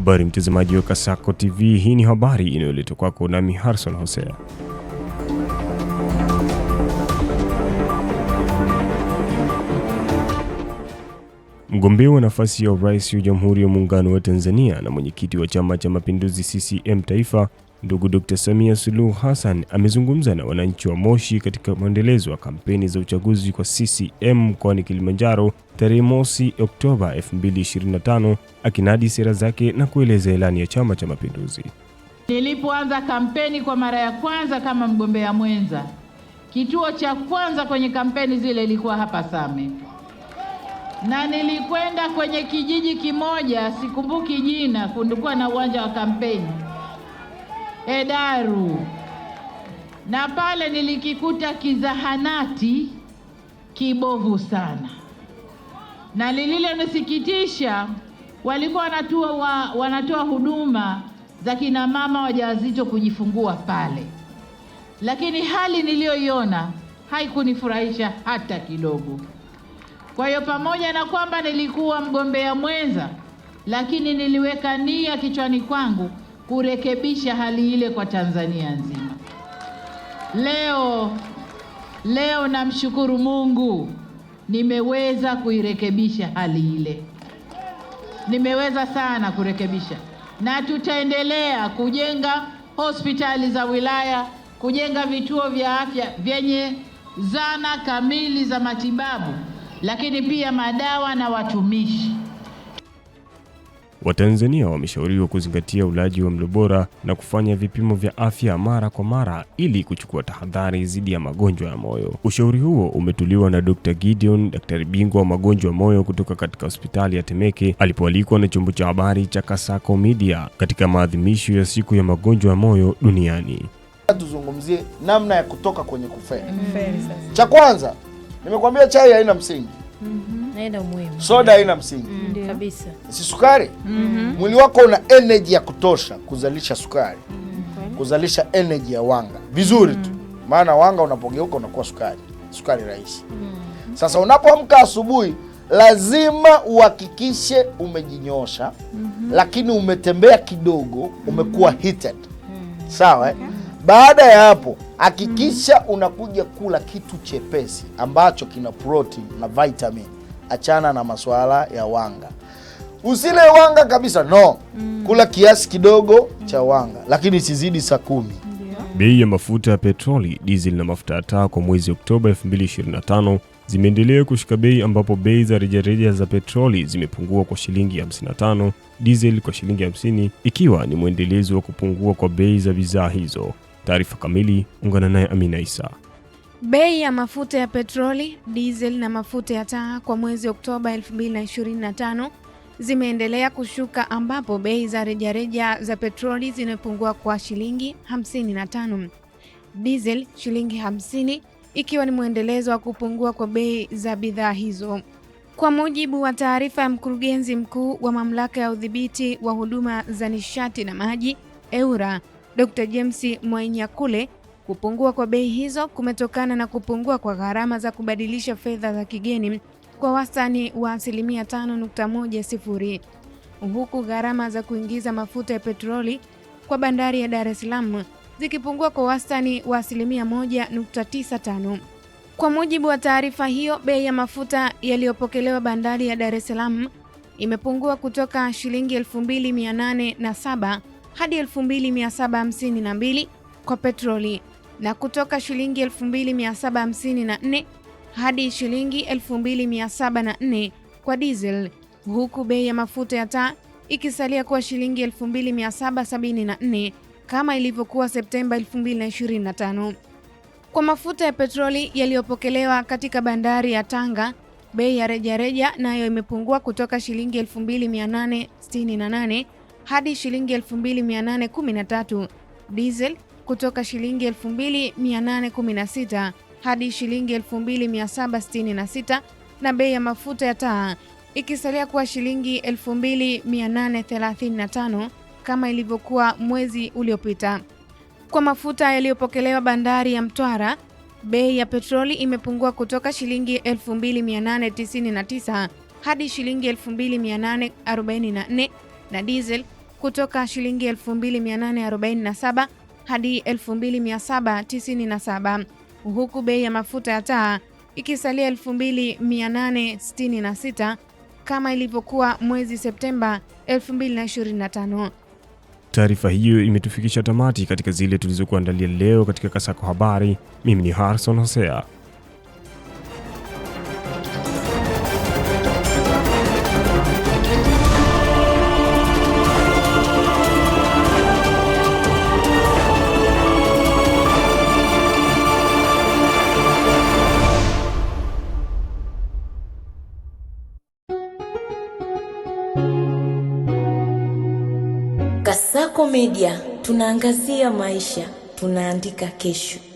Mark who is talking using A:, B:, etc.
A: Habari mtazamaji wa Kasako TV, hii ni habari inayoletwa kwako nami Harrison Hosea. Mgombea wa nafasi ya urais wa Jamhuri ya Muungano wa Tanzania na mwenyekiti wa Chama cha Mapinduzi CCM Taifa Ndugu Dkt. Samia Suluhu Hassan amezungumza na wananchi wa Moshi katika mwendelezo wa kampeni za uchaguzi kwa CCM mkoani Kilimanjaro tarehe mosi Oktoba 2025 akinadi sera zake na kueleza ilani ya Chama cha Mapinduzi.
B: Nilipoanza kampeni kwa mara ya kwanza kama mgombea mwenza, kituo cha kwanza kwenye kampeni zile ilikuwa hapa Same, na nilikwenda kwenye kijiji kimoja, sikumbuki jina, kulikuwa na uwanja wa kampeni Hedaru, na pale nilikikuta kizahanati kibovu sana, na lililonisikitisha walikuwa wanatoa wa, wanatoa huduma za kina mama wajawazito kujifungua pale, lakini hali niliyoiona haikunifurahisha hata kidogo. Kwa hiyo pamoja na kwamba nilikuwa mgombea mwenza, lakini niliweka nia kichwani kwangu kurekebisha hali ile kwa Tanzania nzima. Leo leo namshukuru Mungu nimeweza kuirekebisha hali ile, nimeweza sana kurekebisha, na tutaendelea kujenga hospitali za wilaya, kujenga vituo vya afya vyenye zana kamili za matibabu, lakini pia madawa na watumishi.
A: Watanzania wameshauriwa kuzingatia ulaji wa mlo bora na kufanya vipimo vya afya mara kwa mara ili kuchukua tahadhari dhidi ya magonjwa ya moyo. Ushauri huo umetuliwa na Dr. Gideon, daktari bingwa wa magonjwa ya moyo kutoka katika hospitali ya Temeke alipoalikwa na chombo cha habari cha Kasako Media katika maadhimisho ya siku ya magonjwa ya moyo duniani.
C: Tuzungumzie namna ya kutoka kwenye kufeli. Mm -hmm. Cha kwanza nimekuambia chai haina msingi. Mm
D: -hmm muhimu.
C: Soda haina msingi
D: mm, kabisa.
C: Si sukari mm -hmm. Mwili wako una energy ya kutosha kuzalisha sukari mm -hmm. Kuzalisha energy ya wanga vizuri mm -hmm. tu maana wanga unapogeuka unakuwa sukari, sukari rahisi mm -hmm. Sasa unapoamka asubuhi lazima uhakikishe umejinyosha mm -hmm. Lakini umetembea kidogo, umekuwa mm. heated mm -hmm. Sawa eh? okay. Baada ya hapo hakikisha mm -hmm. unakuja kula kitu chepesi ambacho kina protein na vitamin achana na masuala ya wanga. Usile wanga kabisa no, mm. Kula kiasi kidogo cha wanga, lakini sizidi saa kumi.
A: Bei ya mafuta ya petroli, dizeli na mafuta ya taa kwa mwezi Oktoba 2025 zimeendelea kushika bei, ambapo bei za rejareja za petroli zimepungua kwa shilingi 55, dizeli kwa shilingi 50, ikiwa ni mwendelezo wa kupungua kwa bei za bidhaa hizo. Taarifa kamili, ungana naye Amina Isa.
E: Bei ya mafuta ya petroli, diesel na mafuta ya taa kwa mwezi Oktoba 2025 zimeendelea kushuka ambapo bei za rejareja za petroli zimepungua kwa shilingi 55, diesel shilingi 50, ikiwa ni mwendelezo wa kupungua kwa bei za bidhaa hizo. Kwa mujibu wa taarifa ya mkurugenzi mkuu wa mamlaka ya udhibiti wa huduma za nishati na maji EWURA, Dr. James Mwainyakule Kupungua kwa bei hizo kumetokana na kupungua kwa gharama za kubadilisha fedha za kigeni kwa wastani wa asilimia sifuri huku gharama za kuingiza mafuta ya petroli kwa bandari ya Dar es Salaam zikipungua kwa wastani wa asilimia 1.95. Kwa mujibu wa taarifa hiyo, bei ya mafuta yaliyopokelewa bandari ya Dar es Salaam imepungua kutoka shilingi 2807 hadi 2752 kwa petroli na kutoka shilingi 2754 hadi shilingi 2704 kwa diesel, huku bei ya mafuta ya taa ikisalia kuwa shilingi 2774 kama ilivyokuwa Septemba 2025. Kwa mafuta ya petroli yaliyopokelewa katika bandari ya Tanga, bei ya rejareja nayo imepungua kutoka shilingi 2868 hadi shilingi 2813. Diesel kutoka shilingi 2816 hadi shilingi 2766 na bei ya mafuta ya taa ikisalia kuwa shilingi 2835 kama ilivyokuwa mwezi uliopita. Kwa mafuta yaliyopokelewa bandari ya Mtwara, bei ya petroli imepungua kutoka shilingi 2899 hadi shilingi 2844 na diesel kutoka shilingi 2847 hadi 2797 huku bei ya mafuta ya taa ikisalia 2866 kama ilivyokuwa mwezi Septemba 2025.
A: Taarifa hiyo imetufikisha tamati katika zile tulizokuandalia leo katika Kasako Habari. Mimi ni Harrison Hosea. Kazaco Media tunaangazia maisha, tunaandika kesho.